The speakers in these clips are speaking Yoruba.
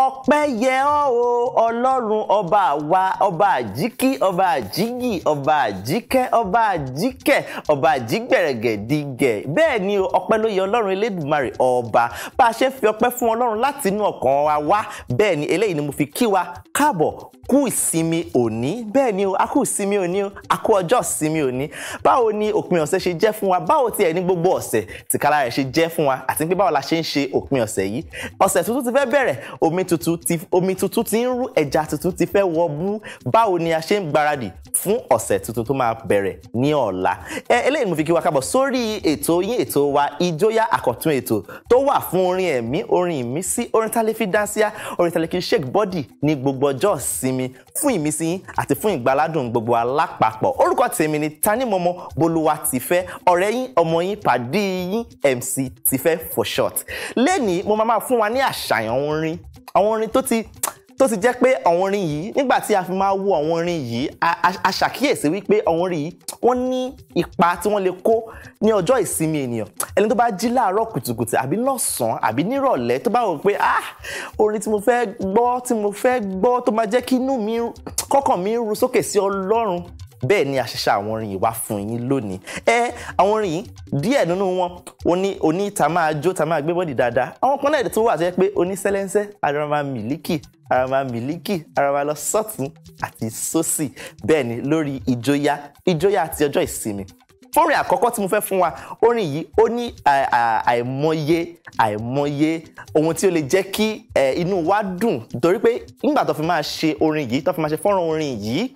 ọpẹ́ yẹ ọ́ o ọlọ́run ọba àwa ọba àjíkí ọba àjígì ọba àjíkẹ́ ọba àjíkẹ́ ọba àjígbẹ̀rẹ̀gẹ̀dígẹ̀ bẹ́ẹ̀ ni o ọpẹ́ ló yẹ ọlọ́run elédùnmarè ọba bá a ṣe fi ọpẹ́ fún ọlọ́run láti inú ọkàn wa wá bẹ́ẹ̀ ni eléyìí ni mo fi kí wa káàbọ̀ kú ìsinmi òní bẹ́ẹ̀ ni o a kú ìsinmi òní o a kú ọjọ́ ìsinmi òní báwo ni òpin ọ̀sẹ̀ ṣe jẹ́ fún wa báwo tiẹ̀ ní gbogbo ọ̀sẹ̀ tìkára rẹ̀ ṣe jẹ́ fún wa àti pé báwo la ṣe ń ṣe òpin ọ̀sẹ̀ yìí ọ̀sẹ̀ tuntun ti fẹ́ bẹ̀rẹ̀ omi tuntun ti omi tuntun ti ń rú ẹja tuntun ti fẹ́ wọ bú báwo ni a ṣe ń gbaradì fún ọ̀sẹ̀ tuntun tó máa bẹ̀rẹ̀ ní ọ̀la eléyìí mo fi kí wa kábọ̀ sórí ètò yín ètò wa ìjóyà àkọ́tún ètò tó wà fún orin body ní gbogbo mi fún ìmísí yín àti fún ìgbàládùn gbogbo alápapọ̀ orúkọ tèmi ni Tanímọ̀mọ́ Bolúwatifẹ́ ọ̀rẹ́ yín ọmọ yín pàdé yín MC Tifẹ́ for short lẹ́nìí mo máa máa fún wa ní àṣàyàn orin àwọn orin tó ti tó ti jẹ́ pé àwọn orin yìí nígbà tí a fi máa wo àwọn orin yìí a ṣàkíyèsí wípé àwọn orin yìí wọ́n ní ipa tí wọ́n lè kó ní ọjọ́ ìsinmi ènìyàn ẹni tó bá jí láàárọ̀ kùtùkùtù àbí lọ́sàn-án àbí nírọ̀lẹ́ tó bá wò pé ah orin tí mo fẹ́ gbọ́ tí mo fẹ́ gbọ́ tó máa jẹ́ kí inú mi kọ́kàn mi ru sókè sí Ọlọ́run bẹ́ẹ̀ ni àṣẹṣe àwọn orin yìí wá fún yín lónìí ẹ àwọn orin yìí díẹ̀ nínú wọn oní oní ta máa jó ta máa gbé bọ́dì dáadáa àwọn kan náà tó wà tó yẹ pé oní sẹ́lẹ́nsẹ́ ara máa mìlíkì ara máa mìlíkì ara máa lọ sọ́tún àti sósì bẹ́ẹ̀ ni lórí ìjóyà ìjóyà àti ọjọ́ ìsinmi fórin àkọ́kọ́ tí mo fẹ́ fún wa orin yìí ó ní àìmọye àìmọye ohun tí ó lè jẹ́ kí inú wa dùn torí pé nígbà tó fi máa ṣe orin yìí tó fi máa ṣe fọ́nrán orin yìí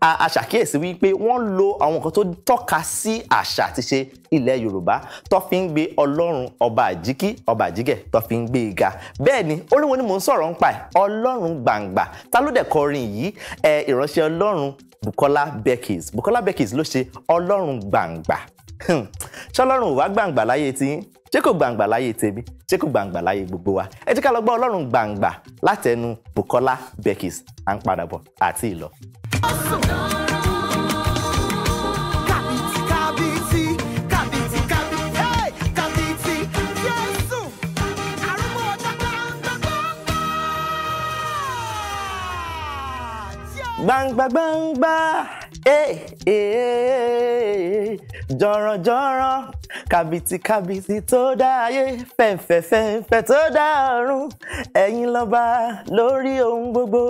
a ṣàkíyèsí wípé wọ́n lo àwọn nǹkan tó tọ́ka sí àṣà àti ṣe ilẹ̀ Yorùbá tó fi ń gbé Ọlọ́run ọba àjíkí ọba àjíkẹ̀ tó fi ń gbé e ga bẹ́ẹ̀ ni orin wo ni mò ń sọ̀rọ̀ ń pa ẹ̀ Ọlọ́run gbàǹgbà ta ló dẹ̀ kọ orin yìí ìránṣẹ́ Ọlọ́run Bukola Beckys Bukola Beckys ló ṣe ọlọ́run gbàǹgbà hmm. ṣọlọ́run wá gbàǹgbà láyé tiyín ṣé kò gbàǹgbà láyé tèmi ṣé kò gbàǹgbà láyé gbogbo wa ẹ jẹ́ ká lọ gbọ́ ọlọ́run gbàǹgbà látẹnu Bukola Beckys à ń padà bọ̀ àti ìlọ. gbangba gbangba eh eh jọ̀rọ̀jọ̀rọ̀ kàbìtì kàbìtì tó dá ayé fẹ̀ǹfẹ̀ fẹ̀ǹfẹ̀ tó dá ọ̀run ẹ̀yin lọ́ba lórí ohun gbogbo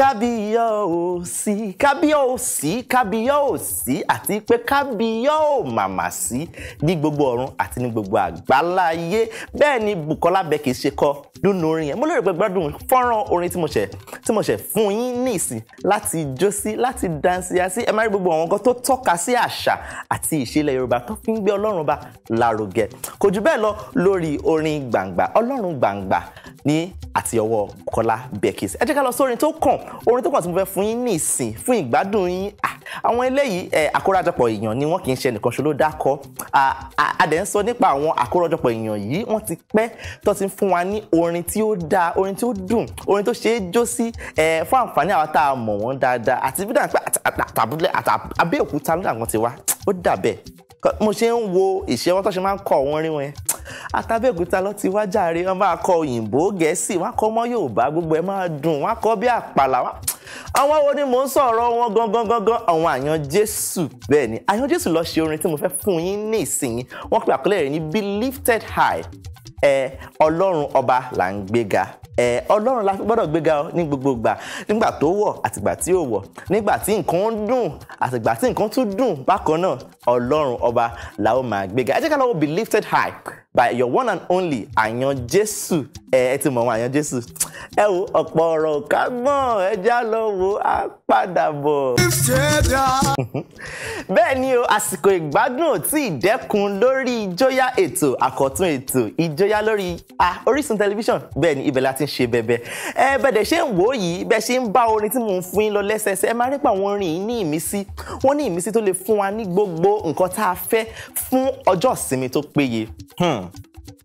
kábíyọ̀ọ́sí kábíyọ̀ọ́sí kábíyọ̀ọ́sí àti pé kábíyọ̀ọ́ màmá sí ní gbogbo ọ̀run àti ní gbogbo àgbáláyé bẹ́ẹ̀ ni Bukola Becky ṣe kọ dúnú orin yẹn mo lérò pé gbádùn fọ́nrán orin tí mo ṣẹ̀ tí mo ṣẹ̀ fún yín ní ìsìn láti jó sí láti dansia sí ẹ má rí gbogbo àwọn nǹkan tó tọ́ka sí àṣà àti ìṣẹ̀lẹ̀ Yorùbá tó fi ń gbé Ọlọ́run ba lárugẹ kò jù bẹ́ẹ̀ lọ lórí orin gbàngbà Ọlọ́run gbàngbà ní àti ọwọ́ Kọ́lá Bekis ẹ jẹ́ ká lọ sórin tó kàn orin tó kàn tí mo fẹ́ fún yín ní ìsìn fún ìgbádùn yín ah, àwọn eléyìí àkórajọpọ̀ èèyàn ni wọ́n kì í ṣe nìkan ṣo ló dákọ́ adẹ̀ ń sọ nípa àwọn àkórajọpọ̀ èèyàn yìí wọ́n ti pẹ́ tó ti fún wa ní orin tí ó dáa orin tí ó dùn orin tó ṣeé jó sí fún àǹfààní àwọn tá a mọ̀ wọ́n dáadáa àti bí dàgbà Abẹ́òkúta ló dàgbọ́n ti wá ó dà mo ṣe ń wo ìṣe tó ṣe máa ń kọ wọn rí wọn yẹn àtàbẹ̀òkúta ló ti wá jàre wọn máa kọ òyìnbó gẹ̀ẹ́sì wọn kọ mọ́ yorùbá gbogbo ẹ̀ máa dùn wọn kọ bí àpàlà wọn. àwọn wo ni mò ń sọ̀rọ̀ wọn gangan gangan àwọn àyàn jésù bẹ́ẹ̀ ni àyàn jésù lọ ṣe orin tí mo fẹ́ fún yín ní ìsinyìí wọ́n pe àkọlé rẹ̀ ní be lifted high ẹ ọlọ́run ọba là ń gbéga ẹ ọlọ́run la fi gbọ́dọ̀ gbéga ọ ní gbogbo ìgbà nígbà tó wọ̀ àtìgbà tí ò wọ̀ nígbà tí nǹkan ń dùn àtìgbà tí nǹkan tún dùn bákan náà ọlọ́run ọba la máa gbéga ẹ jẹ́ ká lọ́wọ́ be lifted high by your one and only àyàn jésù ẹ ẹ ti mọ̀ wọn àyàn jésù ẹ wo ọ̀pọ̀ ọ̀rọ̀ ká mọ̀ ẹ já lọ wo á padà bọ̀. bẹ́ẹ̀ ni o àsìkò ìgbádùn ò tí ì dẹ́kun lórí ìjóyà ètò àkọ́tún ètò ìjóyà lórí orísun tẹlifíṣàn bẹ́ẹ̀ ni ibẹ̀ la ti ń ṣe bẹ̀bẹ̀ ẹ bẹ̀dẹ̀ ṣe ń wò ó yìí bẹ́ẹ̀ ṣe ń bá orin tí mò ń fún yín lọ lẹ́sẹẹsẹ ẹ máa rí pa àwọn orin yìí ní ìmísí wọ́n ní ìmísí tó lè fún wa ní gbogbo nǹkan tá a fẹ́ fún ọjọ́ ìsinmi tó péye. Hmm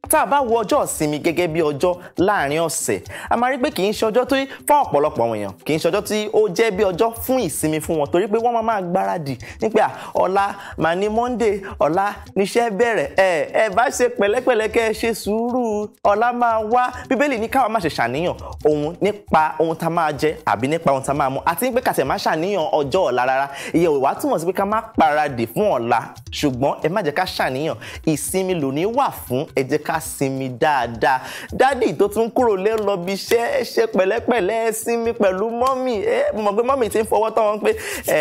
tá a bá wo ọjọ́ ìsinmi gẹ́gẹ́ bí ọjọ́ láàrin ọ̀sẹ̀ a máa rí pé kì í ṣe ọjọ́ tó fún ọ̀pọ̀lọpọ̀ àwọn èèyàn kì í ṣe ọjọ́ tí ó jẹ́ bí ọjọ́ fún ìsinmi fún wọn torí pé wọ́n máa máa gbáradì nípa ọ̀la màá ní Monday ọ̀la níṣẹ́ bẹ̀rẹ̀ ẹ ẹ bá ṣe pẹ̀lẹ́pẹ̀lẹ́ kẹ́ ẹ ṣe sùúrù ọ̀la máa wá bíbélì ní káwa má ṣe ṣàníyàn ohun nípa ohun tá máa jẹ àbí nípa ohun tá máa mu àti pé kàtẹ́ má ṣàníyàn ọjọ́ ọ̀la rárá ìyẹ̀wò wá túmọ̀ sí pé ká má paradì fún ọ̀la ṣùgbọ́n ẹ má jẹ́ ká ṣàníyàn ìsinmi lòní wà fún ẹ jẹ́ ká sinmi dáadáa dádì tó tún kúrò lé lọ bí iṣẹ́ ẹ ṣe pẹ̀lẹ́pẹ̀lẹ́ sinmi pẹ̀lú mọ́mì ẹ mọ̀ pé mọ́mì ti ń fọwọ́ tán wọn pé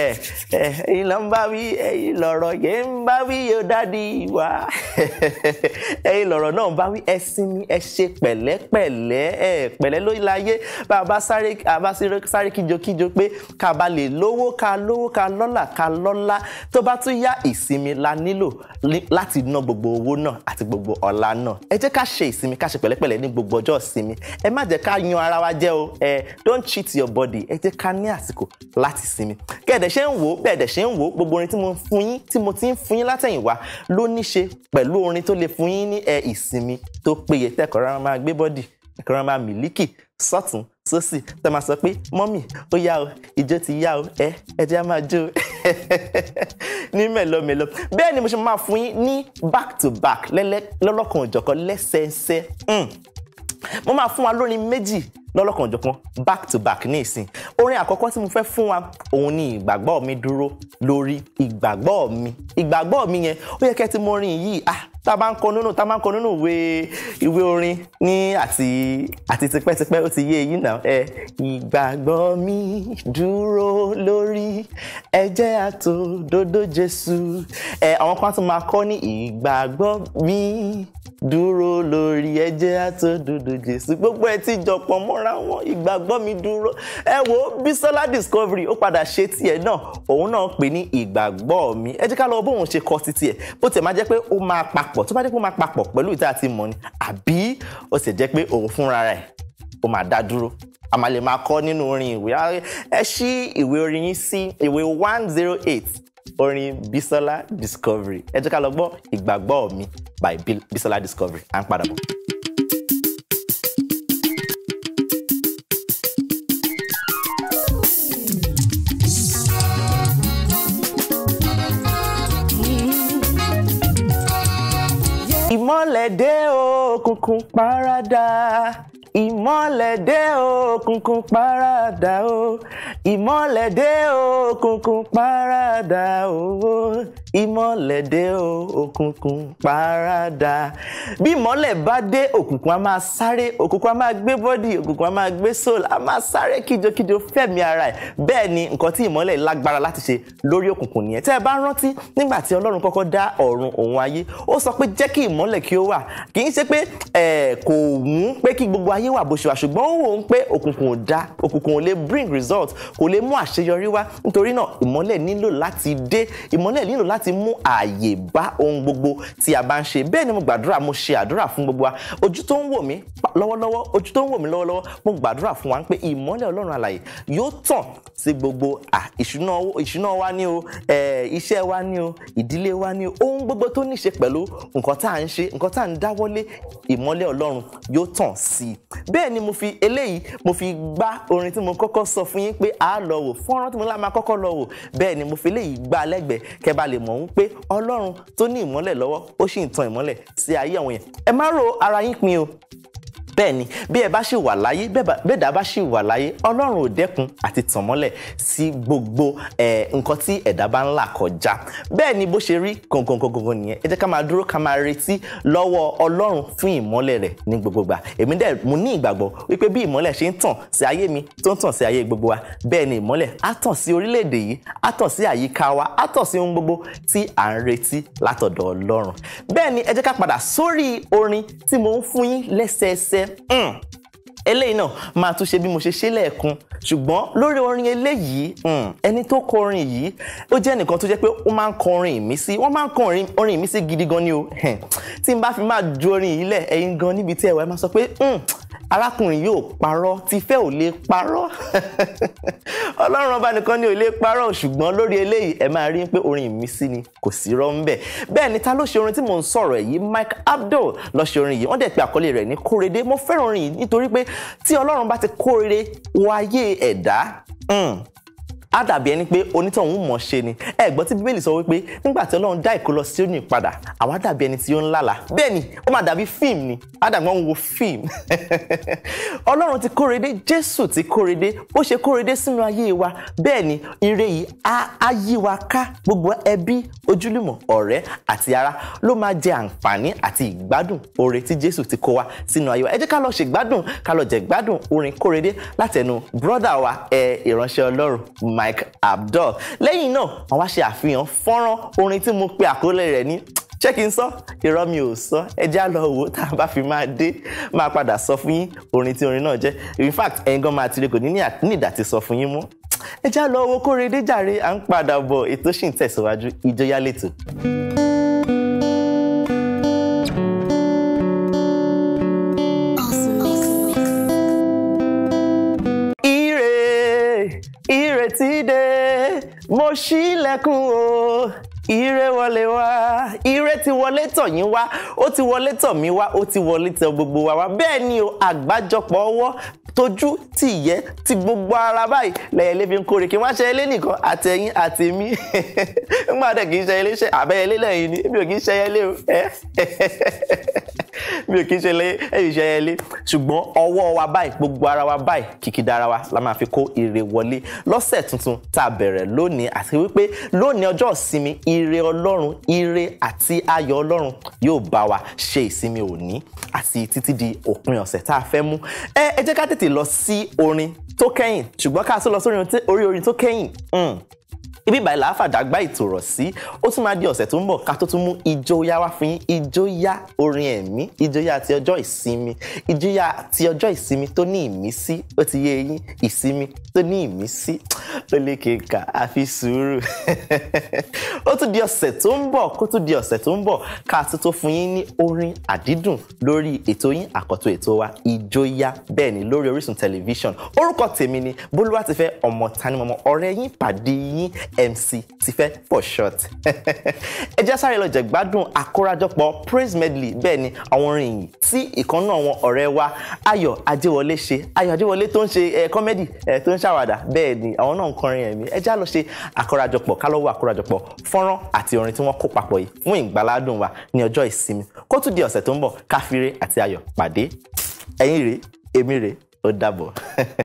ẹ ẹ ìlọ ń bá wí ẹ̀yin lọ̀rọ̀ yẹn ń bá wí yóò dádì wá ẹ̀yin lọ̀rọ̀ náà ń bá wí ẹ sinmi ẹ ṣe pẹ̀lẹ́pẹ̀lẹ́ ẹ pẹ̀lẹ́ ló láyé bá a bá sáré kíjokíjo pé ká ba lè lówó ká lówó ká lọ́là ká lọ́lá tó bá tún yá ìsinmi la nílò láti ná gbogbo owó náà àti gbogbo ọ̀la náà ẹ jẹ́ ká ṣe ìsinmi ká ṣe pẹ̀lẹ́pẹ̀lẹ́ ní gbogbo ọjọ́ ìsinmi ẹ má jẹ́ ká yan ara wa jẹ́ o ẹ don't cheat your body ẹ jẹ́ ká ní àsìkò láti sinmi kẹ̀dẹ̀ ṣe ń wò ó bẹ̀ẹ̀dẹ̀ ṣe ń wò ó gbogbo orin tí mo fún yín tí mo ti ń fún yín látẹ̀yìnwá ló ní ṣe pẹ̀lú orin tó lè fún yín ní ìsinmi tó péye tẹ́kọ̀ọ́ rárá máa gbé bọ́dì kí miliki máa mílíkì sọ́tún sósì tó máa sọ pé mọ́mì ó yá o ìjó ti yá o ẹ ẹ jẹ́ máa jó ní mẹ́lọmẹ́lọ bẹ́ẹ̀ ni mo ṣe máa fún yín ní back to back lọ́lọ́kan òjọ̀kan lẹ́sẹẹsẹ hmm. mo máa fún wa lórin méjì lọ́lọ́kan òjọ̀kan back to back ní ìsìn orin àkọ́kọ́ tí mo fẹ́ fún wa òun ni ìgbàgbọ́ mi dúró lórí ìgbàgbọ́ mi ìgbàgbọ́ mi yẹn ó yẹ kẹ́ ti mọ orin yìí ah tá a bá ń kọ nínú tá a bá ń kọ nínú ìwé ìwé orin ní àti àti tipẹ́tipẹ́ ó ti yé eyín náà ẹ ìgbàgbọ́ mi dúró lórí ẹ̀jẹ̀ àtòdodo Jésù ẹ àwọn kan tún máa kọ ní ìgbàgbọ́ mi dúró lórí ẹ̀jẹ̀ àtòdodo Jésù gbogbo ẹ ti jọpọ̀ mọ́ra wọn ìgbàgbọ́ mi dúró ẹ wo Bisola Discovery ó padà ṣe tiẹ̀ náà òun náà pè ní ìgbàgbọ́ mi ẹ jẹ́ ká lọ bóun ṣe kọ títí ẹ̀ bó tiẹ̀ máa jẹ́ pé ó máa papọ̀ papọ̀ tó bá jẹ́ pé ó máa papọ̀ pẹ̀lú ìta àti mọ̀ ni àbí ó sì jẹ́ pé òun fúnra rẹ̀ ó máa dá dúró a máa lè máa kọ́ nínú orin ìwé ẹ ṣí ìwé orin yín sí ìwé one zero eight orin Bisola Discovery ẹ jẹ́ ká lọ gbọ́ ìgbàgbọ́ mi by Bisola Discovery à ń padà bọ̀. ìmọ́lẹ̀ dé òkùnkùn paradà ìmọ́lẹ̀ dé òkùnkùn parada, o ìmọ́lẹ̀ dé òkùnkùn paradà o ìmọ̀lẹ̀ dé o òkùnkùn paradà bí ìmọ̀lẹ̀ bá dé òkùnkùn a máa sáré òkùnkùn a máa gbé bọ́dì òkùnkùn a máa gbé soul a máa sáré kíjokíjo fẹ̀mí ara ẹ̀ bẹ́ẹ̀ ni nǹkan tí ìmọ̀lẹ̀ lágbára láti ṣe lórí òkùnkùn nìyẹn tẹ́ ẹ bá rántí nígbà tí ọlọ́run kọ́kọ́ dá ọ̀run òun ayé ó sọ pé jẹ́ kí ìmọ̀lẹ̀ kí ó wà kì í ṣe pé kò wùn pé kí gbogbo ayé wà bó ṣe wà ṣùgbọ́n ó wò ó pé òkùnkùn ò dá òkùnkùn ò lè bring result kò lè mú àṣeyọrí wá nítorí náà ìmọ̀lẹ̀ nílò láti dé ìmọ̀lẹ̀ nílò láti láti mú ààyè bá ohun gbogbo tí a bá ń ṣe bẹ́ẹ̀ ni mo gbàdúrà mo ṣe àdúrà fún gbogbo wa ojú tó ń wò mí lọ́wọ́lọ́wọ́ ojú tó ń wò mí lọ́wọ́lọ́wọ́ mo gbàdúrà fún wa pé ìmọ́lẹ̀ ọlọ́run àlàyé yóò tàn sí gbogbo ìṣúná wa ní o iṣẹ́ wa ní o ìdílé wa ní o ohun gbogbo tó ní ṣe pẹ̀lú nǹkan tá à ń ṣe nǹkan tá à ń dáwọ́lé ìmọ́lẹ̀ ọlọ́run yóò tàn sí i bẹ́ẹ̀ ni mo fi eléyìí mo fi gbá orin tí mo kọ́kọ́ sọ fún yín pé a lọ wò fọ́nrán tí mo lá máa kọ́kọ́ lọ wò bẹ́ẹ̀ ni mo fi eléyìí gbá lẹ́gbẹ̀ẹ́ kẹ́ bá lè mọ mọ̀ wípé ọlọ́run tó ní ìmọ́lẹ̀ lọ́wọ́ ó sì ń tan ìmọ́lẹ̀ sí ayé àwọn yẹn ẹ má ro ara yín pin o bẹ́ẹ̀ ni bí ẹ bá ṣì wà láyé bẹ́ẹ̀ dá bá ṣì wà láyé ọlọ́run ò dẹ́kun àti tànmọ́lẹ̀ sí gbogbo nǹkan tí ẹ̀dá bá ń là kọjá bẹ́ẹ̀ ni bó ṣe rí gọ̀ngọ̀ngọ̀ngọ̀ nìyẹn ẹ jẹ́ ká máa dúró ká máa retí lọ́wọ́ ọlọ́run fún ìmọ́lẹ̀ rẹ̀ ní gbogbogbà èmi dẹ̀ mo ní ìgbàgbọ́ wípé bí ìmọ́lẹ̀ ṣe ń tàn sí ayé mi tó ń tàn sí ayé gbogbo wa bẹ́ẹ̀ ni ìmọ́lẹ̀ á tàn sí orílẹ̀-èdè yìí á sí àyíká wa á sí ohun gbogbo tí à ń retí látọ̀dọ̀ ọlọ́run bẹ́ẹ̀ ni ẹ jẹ́ ká padà sórí orin tí mo ń fún yín lẹ́sẹẹsẹ Hmm. eléyìí náà máa tún ṣe bí mo ṣe ṣe lẹ́ẹ̀kan ṣùgbọ́n lórí orin eléyìí hmm, ẹni tó kọ orin yìí ó jẹ́ nìkan tó jẹ́ pé ó máa ń kọ orin ìmísí wọ́n máa ń kọ orin ìmísí gidi gan ni o tí n bá fi máa ju orin yìí lẹ̀ ẹ̀yin gan níbi tí ẹ wà máa sọ pé hmm, arákùnrin yóò parọ́ tífẹ́ ò lè parọ́ ọlọ́run ọba nìkan ni ò lè parọ́ ṣùgbọ́n lórí eléyìí ẹ máa rí pé orin ìmísí ni kò sí rọ́ ń bẹ̀ bẹ́ẹ̀ ni ta ló ṣe orin tí mò ń sọ̀rọ̀ yìí Mike Abdul ló ṣe orin yìí wọ́n dẹ̀ pé àkọlé rẹ̀ ní kórede mo fẹ́ràn orin yìí nítorí pé tí ọlọ́run bá ti kórede wáyé ẹ̀dá hmm, á dàbí ẹni pé onítọ̀hún mọ̀ ṣe ni ẹ gbọ́ tí bíbélì sọ wípé nígbà tí ọlọ́run dá ìkólọ Síónì padà àwa dàbí ẹni tí ó ń lálàá bẹ́ẹ̀ ni ó máa dàbí fíìmù ni á dàbí wọn wo fíìmù ọlọ́run ti kórede jésù ti kórede ó ṣe kórede sínú ayé wa bẹ́ẹ̀ ni ire yìí á yí wa ká gbogbo ẹbí ojúlùmọ̀ ọ̀rẹ́ àti ara ló máa jẹ àǹfààní àti ìgbádùn oore tí jésù ti kó wa sínú ayé wa ẹ jẹ́ ká lọ ṣègbádùn ká lọ jẹ̀gbádùn orin wa ẹ ìránṣẹ́ ma Mike Abdul lẹ́yìn náà wọ́n wá ṣe àfihàn fọ́nrán orin tí mo pe àkọlé rẹ̀ ní ṣé kí n sọ irọ́ mi ò sọ ẹjẹ́ á lọ wò tá a bá fi máa dé máa padà sọ fún yín orin tí orin náà jẹ́ in fact ẹ̀yin gan máa tiri kò ní ní ìdá ti sọ fún yín mọ́ ẹjẹ́ á lọ wo Kóredé jàre à ń padà bọ̀ ètò ṣì ń tẹ̀síwájú ìjọyà lẹ́tọ̀ọ́. mo ṣí ilẹ̀kùn o ire wọlé wá ire ti wọlé tọ̀ yín wá ó ti wọlé tọ̀ mí wá ó ti wọlé tọ̀ gbogbo wa wá bẹ́ẹ̀ ni o àgbájọpọ̀ ọwọ́ tójú ti yẹ ti gbogbo ara báyìí lẹ́yìn lè fi ń kórè kí wọ́n ṣe ilé nìkan àtẹ̀yìn àti mí ń gbàdẹ̀ kì í ṣe ilé ṣe àbẹ́yẹlé lẹ́yìn ni èmi ò kì í ṣe ẹyẹlé o mi ò kí ń ṣe iṣẹ́ ẹlé ṣùgbọ́n ọwọ́ wa báyìí gbogbo ara wa báyìí kìkìdá ara wa la máa fi kó ire wọlé lọ́sẹ̀ tuntun tá a bẹ̀rẹ̀ lónìí àti wípé lónìí ọjọ́ ìsinmi ire ọlọ́run ire àti ayọ̀ ọlọ́run yóò bá wa ṣe ìsinmi òní àti títí di òpin ọ̀sẹ̀ tá a fẹ́ mú ẹ ẹ jẹ́ ká tètè lọ sí orin tó kẹ́yìn ṣùgbọ́n ká tó lọ sórí orin tó kẹ́yìn hmm ibi ìbàyìí làá fàdágbá ìtòrọ̀ sí ó tún máa di ọ̀sẹ̀ tó ń bọ̀ ká tó tún mú ìjóyà wá fún yín ìjóyà orin ẹ̀mí ìjóyà ti ọjọ́ ìsinmi ìjóyà ti ọjọ́ ìsinmi tó ní ìmísí ó ti yé yín ìsinmi tó ní ìmísí tó lè kéka àfi sùúrù ó tún di ọ̀sẹ̀ tó ń bọ̀ kó tún di ọ̀sẹ̀ tó ń bọ̀ ká tó tó fún yín ní orin àdídùn lórí ètò yín àkọ́tọ̀ ètò wa ìjóyà bẹ́ẹ̀ ni lórí Orísun tẹlifíṣàn orúkọ tèmi ni Bólúwatifẹ́ ọmọ tanimọ̀mọ́ ọ̀rẹ́ yín pàdé yín MC Tifẹ́ for short ẹ jẹ́ sáré lọ jẹ̀gbádùn àkórajọpọ̀ praise medley bẹ́ẹ̀ ni àwọn orin yìí tí ìkànnà àwọn ọ̀rẹ́ wa Ayọ̀ Adéwọlé ṣe Ayọ̀ Adéwọlé tó ń ṣe kọ́mẹ́dì eh, eh, tó ń ṣàwàdà bẹ́ẹ̀ ni àwọn náà ń kọrin ẹ̀mí ẹ já lọ ṣe àkọ́rajọpọ̀ ká lọ wo àti orin tí wọ́n kó papọ̀ yìí fún ìgbàládùn wa ní ọjọ́ ìsinmi kó tún di ọ̀sẹ̀ tó ń bọ̀ káfíńre àti ayọ̀ pàdé ẹ̀yin rèé èmi rèé ó dàbọ̀.